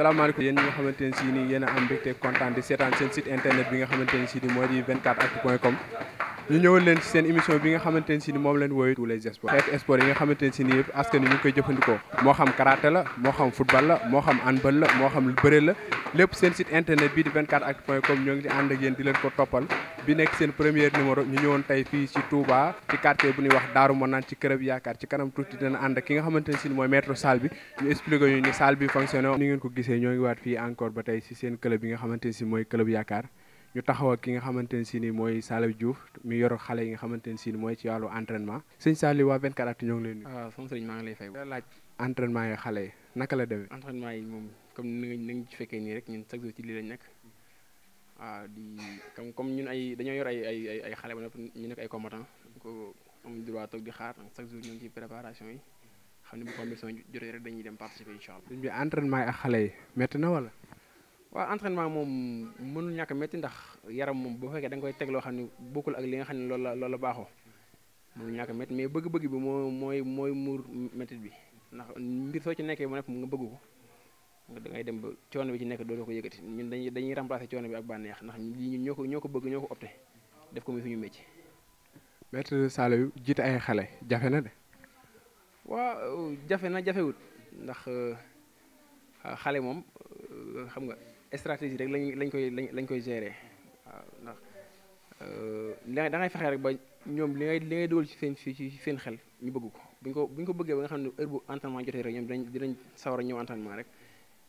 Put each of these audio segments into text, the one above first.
salaamaaleykum yéen ñi nga xamante ne si nii yéen a am mbégte kontaan di seetaan seen site internet bi nga xamante ne si nii moo di 24 bi nga xamante ne si moom leen wooyu tous les sports xeetu yi nga xamante ne si nii yëpp askan wi ñu ngi koy jëfandikoo moo xam karaté la moo xam football la moo xam handball la moo xam bëre la lépp seen site internet bi di 24actu.com ñoo ngi di ànd ak yéen di leen ko toppal bi nekk seen premier numéro ñu ñëwoon tey fii ci Touba ci quartier bu ñuy wax Daaru Manaan ci Kërëb Yaakaar ci kanam tuuti dina ànd ak ki nga xamante ne si mooy maître salle bi ñu expliqué ñu ni salle bi fonctionné ni ngeen ko gisee ñoo ngi waat fii encore ba tey si seen club bi nga xamante ne si mooy Kërëb Yaakaar ñu taxaw ki nga xamante ne si ni mooy Salif Diouf mi yor xale yi nga xamante ne si ni mooy ci wàllu waa 24 actu ñoo ngi waaw ah, di comme comme ñun ay dañoo yor ay ay ay xale ba ñu nekk ay combattant ko am droit toog di xaar chaque jour ñu ngi ci préparation yi xam ne bu compétition jotee rek dañuy dem participer incha allah. bi entraînement yi ak xale yi métti na wala. moom mënul ñàkk métti ndax yaram moom boo fekkee da nga ko teg xam ne bokkul ak li nga xam ne loolu la loolu la baaxoo mënul ñàkk métti mais bëgg-bëgg bi moo mooy mooy muur métti bi ndax mbir soo ci nekkee mu nekk nga bëgg ko. da ngay dem ba coono bi ci nekk dootoo ko yëkkati ñun dañuy dañuy remplacer coono bi ak bànneex ndax lii ñun ñoo ko ñoo ko bëgg ñoo ko opté def ko muy suñu métier. maître yu jiite ay xale jafe na de. waaw jafe na jafewut ndax euh, xale moom euh, xam nga stratégie rek lañ lañ koy lañ koy gérer ndax euh, da ngay fexe rek ba ñoom li ngay li ngay dugal ci seen ci xel ñu bëgg ko bu ñu ko bu ñu ko bëggee ba nga xam ne heure bu entraînement jotee rek ñoom dinañ dinañ sawar a ñëw entraînement rek.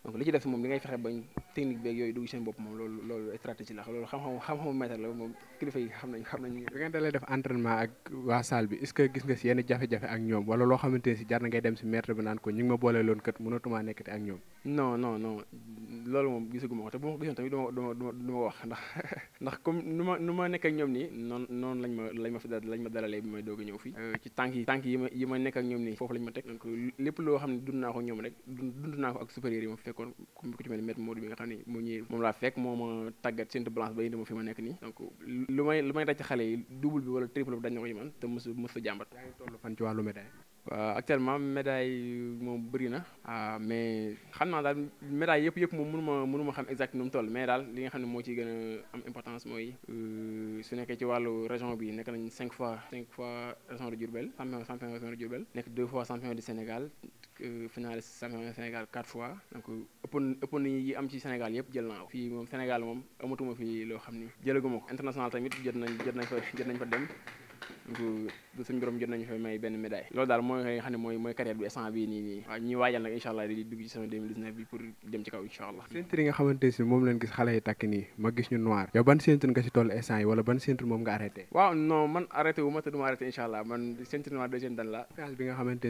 donc li ci des moom li ngay fexe bañ technique beeg yooyu dugg seen bopp moom loolu loolu stratégie la xam xamu mètre la moom kilifa yi xam nañ xam nañ. da ngeen dalee def entraînement ak waa bi est gis nga si yenn jafe-jafe ak ñoom wala loo xamante ne si jar na ngay dem si maître bi naan ko ñu ngi ma boole loon kat mënatumaa nekkati ak ñoom non non non loolu moom gisaguma ko te bu ma ko gisoon tamit du ma du ma du ma ndax ndax comme nu ma nu ma nekk ak nii noonu noonu lañ ma lañ ma fi lañ ma dalalee bi may doog a ñëw fii euh, ci tànk yi tànk yi ma yi ma nekk ak ñoom nii foofu lañ ma teg donc lépp loo xam ne dund naa ko ñoom rek dund naa ko ak supérieur yi ma fekkoon comme ku ci mel ni maître Modou bi nga xam ne moo ñëwee moom laa fekk moo ma tàggat sent blanche ba indi ma fi ma nekk nii donc lu may lu may daj ci xale yi double bi wala triple bi dañ na ko ci man te mësu mësu Euh, actuellement médaille moom bëri na ah, mais xam naa daal médaille yëpp yëpp moom mënu ma mënu xam exact nu mu toll mais daal li nga xam ne moo ciy gën a am importance mooy euh, su nekkee ci wàllu région bi nekk nañ cinq fois cinq fois région de Diourbel champion champion région de Diourbel nekk deux fois champion du Sénégal finaliste champion du Sénégal quatre fois donc ëppoon ëppoon yi am ci Sénégal yëpp jël naa ko fii moom Sénégal moom amatuma fi loo xam ni jëlaguma ko international tamit jot nañ jot nañ fa jot nañ fa dem du suñu jot nañu fa may benn médaille loolu daal mooy xam ne mooy mooy bi instant bii nii nii waaw ñuy waajal nag incha allah di dugg ci sama 2019 bi pour dem ci kaw incha allah ceinture nga xamante si moom leen gis xale yi takk nii ma gis ñu noir yow ban ceinture nga si toll instant yi ban ceinture moom nga arrêté waaw non man arrêté wu ma te du ma arrêté allah man ceinture noir deuxième dan la phase bi nga xamante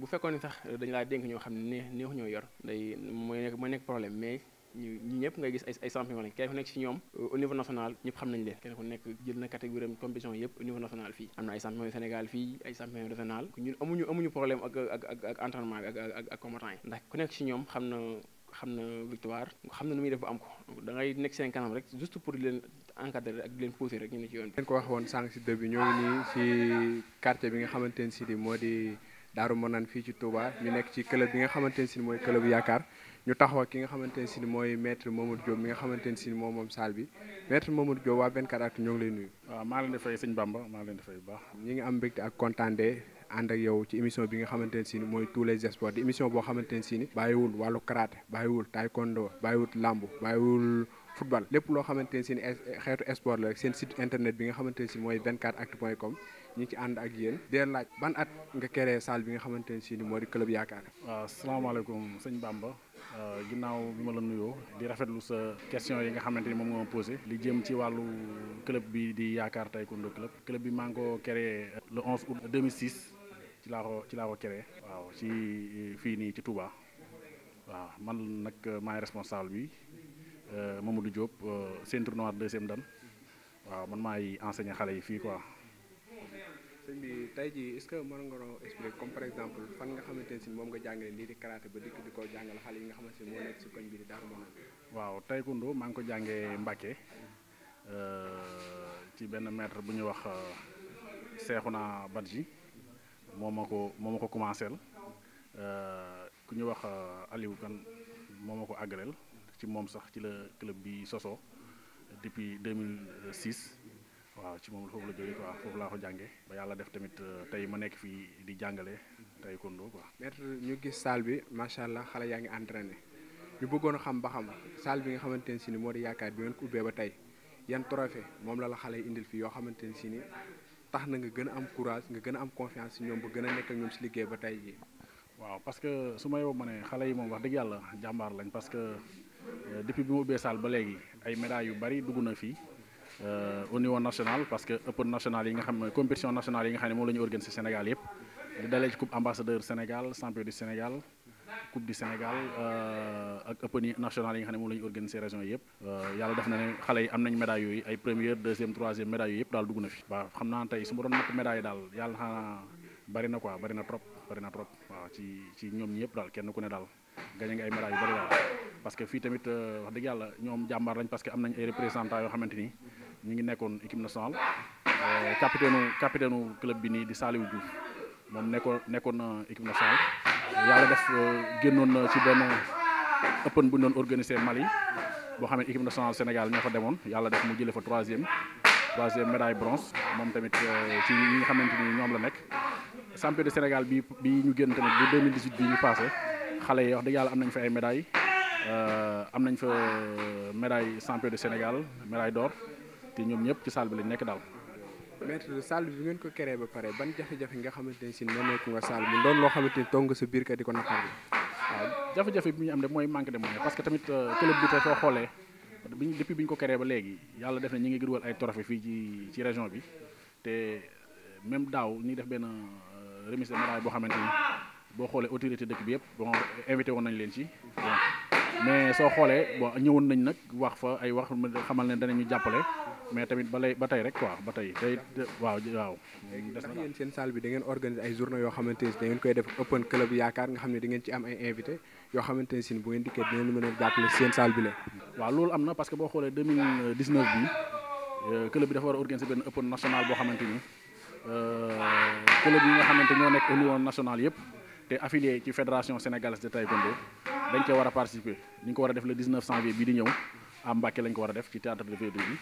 bu fekkoon ni sax dañu laa dénk ñoo xam ne neexu ñoo yor day mooy nekk problème mais ñu ñi ñëpp ngay gis ay ay champion kenn ku nekk ci ñoom au niveau ñëpp xam nañu nekk jël na catégorie am compétition yëpp au niveau national fii am na ay champion Sénégal fii ay champion régional ñun amuñu amuñu problème ak ak ndax ku nekk ci ñoom xam na xam na victoire xam ne nu muy def ba am ko da ngay nekk seen kanam rek juste pour di leen encadrer ak di leen pousser rek ñu ne ci yoon bi. ko wax woon sànq si début ñoo bi nga xamante ne si moo di. Daaru Manaan fii ci Touba ñu nekk ci club bi nga xamante ne si mooy club yaakaar ñu taxaw ak ki nga xamante ne si mooy maître Mamadou Diop xamante si moom moom salle bi maître Mamadou Diop waa 24actu ñoo ngi lay nuyu. maa leen di fay sëñ Bamba maa leen di baax. ñi ngi am mbégte ak kontaan de ànd ak yow ci émission bi nga xamante ne si mooy tous les sports di émission boo xamante ne si bàyyiwul wàllu karaté bàyyiwul taekwondo bàyyiwul lamb bàyyiwul. football lépp loo xamante ne seen xeetu sport la seen site internet bi nga xamante ne si mooy 24actu.com ñu ngi ci ànd ak yéen di leen laaj ban at nga créé salle bi nga xamante ne si moo di club yaakaar. waaw salaamaaleykum sëñ Bamba euh, ginnaaw bi ma la nuyoo di rafetlu sa question yi nga xamante ni moom nga ma posé. li jëm ci wàllu club bi di yaakaar taekwondo club. club bi maa ngi ko créé euh, le 11 août 2006 ci laa ko ci laa ko créé. waaw ci fii nii ci Touba waaw man nag euh, maay responsable bi. moom euh, Mamadou Diop centre euh, noir deuxième dem waaw man maay enseigner xale yi fii quoi. sëñ bi tey jii est-ce que mën nga noo expliquer comme par exemple fan nga xamante ne si moom nga jàngale lii di karaté ba dikk di ko jàngal xale yi nga xamante ne si koñ bi di Darou Manane. waaw taekwondo maa ngi ko jàngee Mbacké euh, ci benn maître bu ñuy wax Cheikhouna Badji moo ma ko moo ma ko commencé ku ñuy wax Aliou Kane moo ko àggaleel. ci moom sax ci la club bi sosoo depuis 2006 waaw ci moom foofu la jógee quoi foofu laa ko jàngee ba yàlla def tamit euh, tey ma nekk fii di jàngale tey kondo quoi. maître ñu gis salle bi macha allah xale yaa ngi entraîné ñu bëggoon a xam ba xam salle bi nga xamante ne si ni moo di yaakaar bi ngeen ko ba tey yan trophée moom la la xale yi indil fii yoo xamante ne si ni tax na nga gën a am courage nga gën a am confiance si ñoom ba gën a nekk ñoom si liggéey ba tey jii. waaw parce que su ma yow ma ne yi moom wax dëgg yàlla jàmbaar lañ que. Euh, depuis bi mu ubbee saal ba léegi ay médailles yu bari dugg na fii euh, au niveau national parce que open national yi nga xam ne compétition nationale yi nga xam ne moom la ñu organiser Sénégal yëpp di dalee ci coupe ambassadeur Sénégal champion du Sénégal coupe du Sénégal euh, ak open national yi nga xam ne moom la ñu organiser région yëpp yàlla def na ne xale yi am nañ médailles yooyu ay première deuxième troisième médailles yooyu yëpp daal dugg na fi waaw xam naa tey su ma doon natt médaille daal yàlla xanaa bari na quoi bari na trop bari na trop waaw ci ci ñoom ñi yëpp kenn ku ne daal gañe nga ay médailles yu parce que fii tamit euh, wax dëgg yàlla ñoom jàmbaar lañ parce que am nañ ay représentants yoo xamante ni ñu ngi nekkoon équipe nationale euh, capitaine capitaine club bi nii di Saliou Diouf moom nekkoon nekkoon na équipe nationale yàlla def euh, génnoon na ci benn ëppan bu ñu doon organisé Mali boo xam ne équipe nationale Sénégal ñoo fa demoon yàlla def mu jëlee fa troisième troisième médaille bronze moom tamit ci ñi nga xamante ni ñoom la nekk champion de Sénégal bi bi ñu génn tamit bu 2018 bi ñu xale yi wax dëgg am nañ fa ay médailles euh, am nañ fa euh, médaille champion du Sénégal médaille d'or te ñoom ñëpp ci salle bi lañ nekk daal. maître salle bi ngeen ko créé ba pare ban jafe-jafe nga xamante ne si ne nekk nga salle bi doon loo xamante ni toog nga sa biir kat di ko naqarlu. waaw jafe-jafe bi ñu am de mooy manque de moyens parce que tamit euh, club bi tey soo xoolee biñ depuis bi ñu ko créé ba léegi yàlla def na ñu ngi gërwal ay trophée fii ci ci région bi te même daaw ñu def benn remise de médaille boo xamante ni. boo xoolee autorité dëkk bi yëpp bon invité woon nañ leen ci mais soo xoolee bon ñëwoon nañ nag wax fa ay wax xamal ne danañu jàppale mais tamit ba lay ba tey rek quoi ba tey tey waaw waaw. des na yéen seen salle bi yoo xamante ne da ngeen koy def open club yaakaar nga xam ne da ngeen ci am ay invité yoo xamante ne si bu ngeen dikkee dinañ mën a jàppale seen salle bi la. waaw loolu am na parce que boo xoolee 2019 bi euh, club bi dafa war a organiser benn open national boo xamante ni euh, club yi nga xamante ñoo nekk au national yëpp. te affilié ci fédération sénégalaise de taekwondo dañ cee war a participer ñu ngi ko war a def le 19 janvier bii di ñëw à Mbacké lañ ko war a def ci théâtre de Verdure bi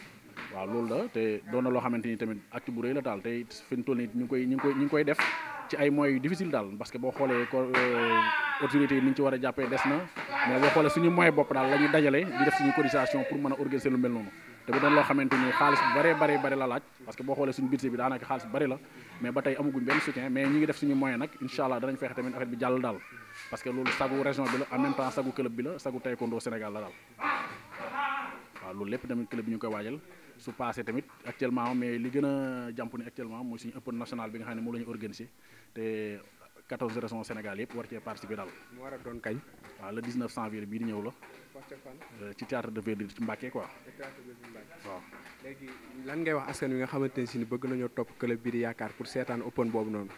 waaw loolu la te doon loo xamante ni tamit acte bu rëy la daal te fi mu toll nii ñu ngi koy ñu ngi koy def ci ay moyens yu difficile daal parce que boo xoolee ko euh, autorités yi ni ñu ci war a jàppee des na mais boo xoolee suñu moyen bopp daal la ñuy dajale di def suñu cotisation pour mën a organiser te bu doon loo xamante ni xaalis bu bëree bëri bëri la laaj parce que boo xoolee suñu budget bi daanaka xaalis bu la mais ba tey amaguñ benn soutien mais ñi ngi def suñu moyen nag incha allah danañ fexe tamit affaire bi jàll daal parce que loolu sagu région bi la en même sagu club bi la sagu taekwondo Sénégal la daal waaw loolu lépp tamit club bi ñu koy waajal su passé tamit actuellement mais li gën a jàmp ni actuellement mooy suñu ëpp national bi nga xam ne moom la 14 régions Sénégal yëpp war cee participer daal. mu war a doon kañ. waaw le 19 janvier bii di ñëw la. Euh, ci théâtre de Verdure ci Mbacke quoi. waaw. lan ngay wax askan wi nga xamante ne si bëgg nañoo topp club bi di yaakaar pour seetaan open boobu noonu.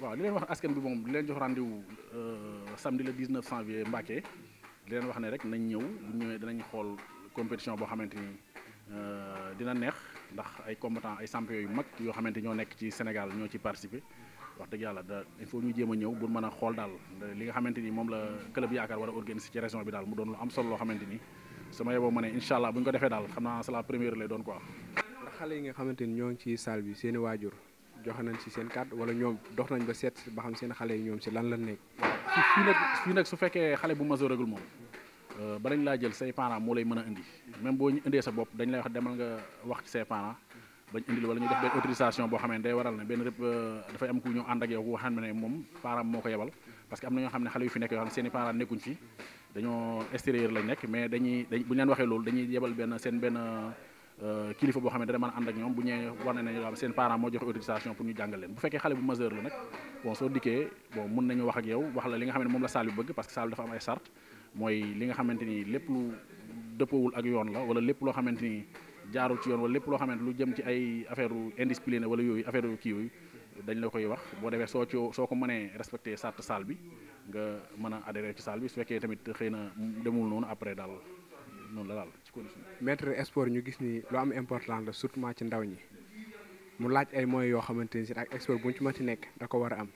waaw li leen wax askan bi moom di leen jox rendez-vous euh, samedi le 19 janvier Mbacke di leen wax ne rek nañ ñëw bu ñëwee dinañ xool compétition boo xamante ni euh, dina neex. ndax ay combattant ay sampe yu mag yoo xamante ñoo nekk ci Sénégal ñoo ci participer wax dëgg yàlla da il ñu jéem a ñëw bu mën a xool daal li nga xamante ni moom la club yaakaar war a organiser ci région bi daal mu doon lu am solo loo xamante ni sama yeboo ma ne incha allah bu ñu ko defee daal xam naa c'est la première lay doon quoi. ndax xale yi nga xamante ni ñoo ngi ci saal bi seen waajur joxe nañ ci seen kàddu wala ñoom dox nañ ba seet ba xam seen xale yi ñoom si lan la nekk. fii fii nag su fekkee xale bu majeur régul moom Euh, ba dañ laa jël say parents moo lay mën a indi même boo ñu indee sa bopp dañ lay wax demal nga wax ci say parents bañ indil wala ñu def benn autorisation boo xam ne day waral ne benn rëpp euh, dafay am ku ñu ànd ak yow ku moom moo ko yebal parce que xam ne xale yu fi nekk yoo xam ne seen i parents nekkuñ dañ bu ñu leen waxee loolu dañuy yebal benn seen benn euh, kilifa boo xam ne dana mën a ànd ak ñoom bu ñëwee war na ne seen parent moo joxe autorisation pour ñu jàngal leen bu fekkee xale bu majeur la nag bon soo dikkee bon nañu wax ak yow wax la li nga xam ne moom la saal bi bëgg parce que saal mooy li nga xamante ni lépp lu dëppawul ak yoon la wala lépp loo xamante ni jaarul ci yoon wala lépp loo xamante lu jëm ci ay affaire indiscipliné wala yooyu affaire yu kii yooyu dañ la koy wax boo defee soo ci soo ko mënee respecté sart salle bi nga mën a adhéré ci salle bi su fekkee tamit xëy na demul noonu après daal noonu la daal ci condition maître ñu gis ni lu am important la surtout ci ndaw ñi mu laaj ay moyens yoo xamante ni si ak expert bu ñu ci mënti nekk da ko war a am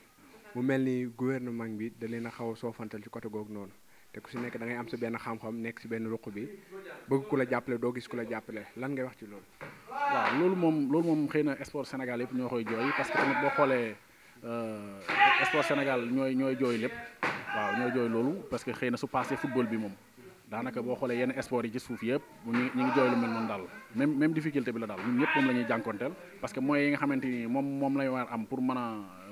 mu mel ni gouvernement bi da leen a xaw a soofantal ci côté googu noonu te ku si nekk da ngay am si benn xam-xam nekk si benn ruq bi bëgg ku la jàppale doo gis ku la jàppale lan ngay wax ci loolu. waaw loolu moom loolu xëy na sport Sénégal yëpp ñoo koy jooy parce que boo xoolee euh, sport Sénégal ñooy ñooy jooy lépp waaw ñooy jooy loolu parce que xëy na su passé football bi moom. daanaka boo xoolee yenn sport yi ci suuf yëpp ñu ñu ngi jooy lu mel noonu daal même même difficulté bi la daal ñun ñëpp moom la ñuy jànkonteel parce que moyens yi nga xamante ni moom moom lay war am pour man a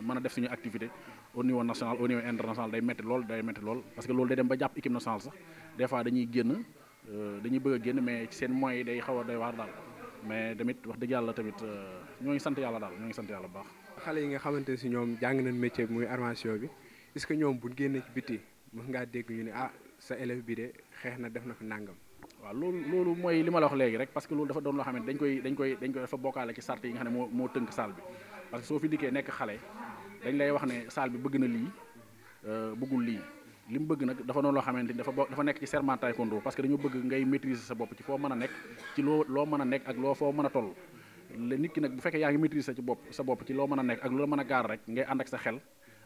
mën a def suñu activité au niveau national au niveau international day métti lool day métti lool parce que loolu day dem ba jàpp équipe nationale sax des dañuy génn euh, dañuy bëgg a génn mais seen moyens day xaw a waar daal mais tamit wax dëgg yàlla tamit euh, ñoo ngi sant yàlla daal ñoo ngi sant yàlla bu baax. xale yi nga xamante ne si ñoom jàng nañ métier bi muy armation bi est-ce que ñoom bu ñu génnee biti mën ngaa dégg ñu ne ah sa élève bi de xeex na def na fi nàngam. waaw loolu loolu mooy li ma la wax léegi rek parce que loolu dafa doon loo xam ne dañ koy dañ koy dañ koy dafa bokkaale ci sart yi nekk xale dañ lay wax ne salle bi bëgg na lii euh, lii li mu bëgg nag dafa noonu loo xamante ni dafa bo dafa nekk ci serment taekwondo parce que dañoo bëgg ngay maîtriser sa bopp ci a nekk ci loo loo mën a nekk ak loo foo mën a toll la nit bu fekkee yaa ngi maîtriser bopp ci loo mën a nekk ak loo mën a gaar rek ngay ànd ak sa xel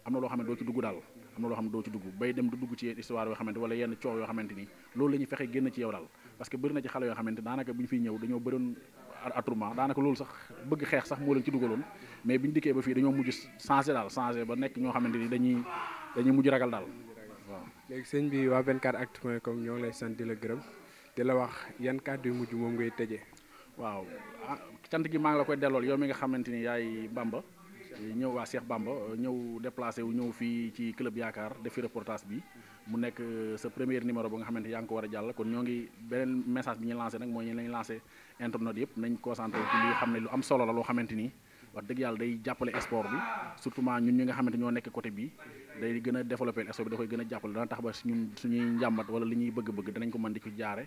am na loo xam ne doo ci dugg daal am na loo xam ne doo ci dugg bay dem du dugg ci histoire yoo xamante wala yenn coow yoo xamante ni loolu la fexe génn ci yow daal parce que bëri ci xale yoo xamante daanaka bu ñu fiy ñëw dañoo bëroon attroupement daanaka loolu sax bëgg xeex sax moo leen ci dugaloon mais bi ñu dikkee ba fii dañoo mujj changé daal changé ba nekk ñoo xamante dañuy dañuy ragal daal waaw. léegi sëñ bi waa 24actu point com ñoo ngi lay sant di la gërëm di la wax yan kàddu yu mujj moom ngay tëjee. waaw ah cant gi maa ngi la koy dellool yow mi nga xamante ni yaay Bamba. ñëw waa Cheikh Bamba ñëw déplacé wu ñëw fii ci club yaakaar defi reportage bi mu nekk euh, sa premier numéro ba nga xamante yaa ngi ko war a jàll kon ñoo ngi beneen message bi ñu lancé nag mooy ñu lañ lancé internet yëpp nañ concentré ci li xam ne lu am solo la loo xamante nii wax dëgg yàlla day jàppale sport bi surtout ñun ñi nga xamante ñoo nekk côté bii day gën a développé sport bi da gën a jàppale dana tax ba suñu suñuy njàmbat wala li ñuy bëgg-bëgg danañ ko mën di ko jaare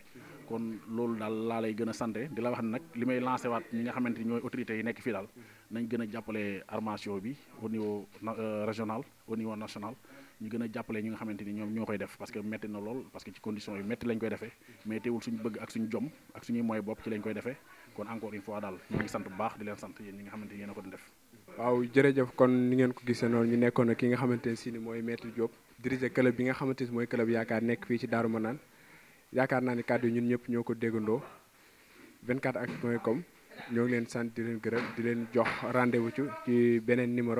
kon loolu daal laa lay gën a sant di la wax ne nag li may lancé waat ñi nga xamante ñooy autorités yi nekk fii daal nañ gën a jàppale armation bi au niveau euh, régional au niveau national ñu gën a jàppale ñi nga xamante ñoo koy def parce que métti na lool parce que ci condition yu métti lañ koy defee mais teewul suñu bëgg ak suñu jom ak suñuy moyens bopp ci lañ koy defee kon encore une fois daal ñu ngi sant bu baax di leen ko doon def waaw jërëjëf kon ni ngeen ko gisee noonu ñu nekkoon ki nga xamante ne si ni mooy maître Diop dirigé club bi nga xamante ni mooy club yaakaar nekk fii ci Daaru Manaan yaakaar naa ni kàddu ñun ñëpp ñoo ko déggandoo 24actu point com ñoo ngi leen sant leen di leen jox rendez-vous ci beneen